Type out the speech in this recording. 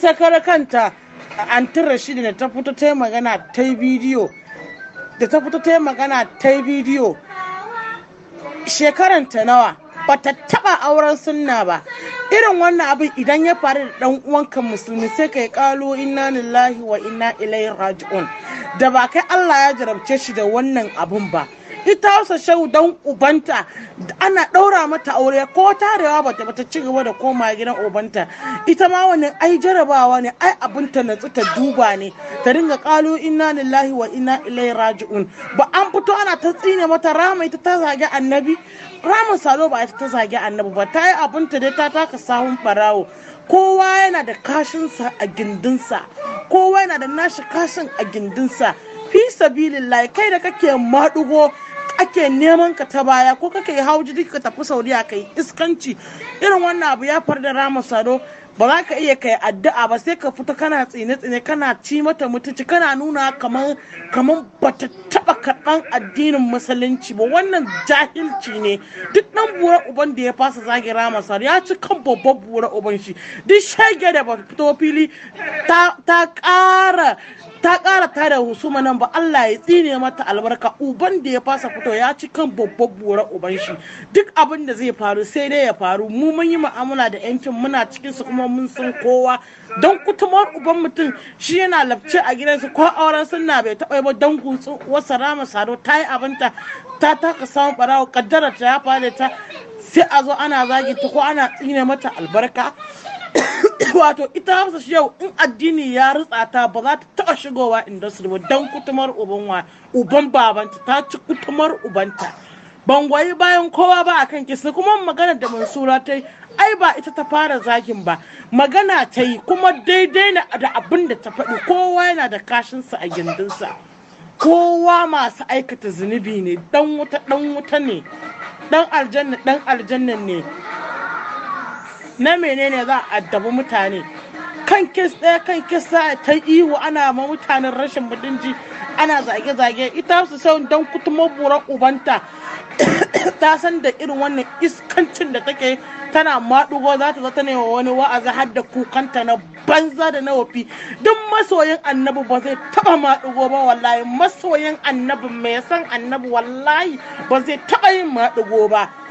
ta kara kanta antin rashid da ta fito ta yi magana ta yi bidiyo da ta fito ta yi magana ta yi bidiyo shekaranta nawa ba ta taba auren sunna ba irin wannan abin idan ya faru da dan uwanka musulmi sai kai kalo inna lillahi wa inna ilaihi raji'un da ba kai Allah ya jarabce shi da wannan abun ba ita wasa shau don ubanta ana ɗaura mata aure ko tarewa bata bata ci gaba da koma gidan ubanta ita ma wani ai jarabawa ne ai abin ta ta duba ne ta dinga kalu inna lillahi wa inna ilai raji'un ba an fito ana ta tsine mata rama ita ta zage annabi ramin salo ba ita ta zage annabi ba ta yi abinta ta dai ta taka sahun barawo kowa yana da kashinsa a gindinsa kowa yana da nashi kashin a gindinsa fi sabilillahi kai da kake maɗugo kake neman ka ta baya ko kake hauji duka ka tafi saudiya kai iskanci irin wannan abu ya farda rama sado ba za ka iya kai addu'a ba sai ka fita kana tsine-tsine kana ci mata mutunci kana nuna kamar kamar bata taba kaɗan addinin musulunci ba wannan jahilci ne duk dan bura uban da ya fasa zagira ramasa ya ci kan babban bura uban shi duk shage da ba fito fili ta ƙara ta ƙara da husuma nan ba Allah ya tsine mata albarka uban da ya fasa fito ya ci kan babban bura uban shi duk abin da zai faru sai dai ya faru mu mun yi mu'amala da yankin muna cikin su kuma kuma mun san kowa don kutumar uban mutum shi yana labce a gidansa ko auren sunna bai taɓa ba don gutsu wasa rama sado ta yi abinta ta taka samun ɓarawa kaddara ta ya fada ta sai a zo ana zagi ta ko ana tsine mata albarka wato ita hamsa shi yau in addini ya rutsa ta ba za ta taɓa shigowa industry ba don kutumar uban babanta ta ci kutumar ubanta ban goyi bayan kowa ba a kan kisa, kuma magana da mansura ta yi ai ba ita ta fara zagin ba magana ta yi kuma daidai na da abin da ta faɗi kowa yana da kashinsa a gindinsa kowa masu aikata zunubi ne dan wuta dan wuta ne dan aljanna dan aljanna ne na menene za a addabi mutane kan kis ɗaya kan kes ta ihu ana ma mutanen rashin mutunci ana zage-zage ita su sau don kutumar buran ubanta ta san da irin wannan iskancin da take tana maɗugo za ta zata wa wani wa'azi har da kukanta na banza da na wafi duk masoyin annabi ba zai taɓa maɗugo ba wallahi masoyin annabi mai san annabi wallahi ba zai taɓa yin maɗugo ba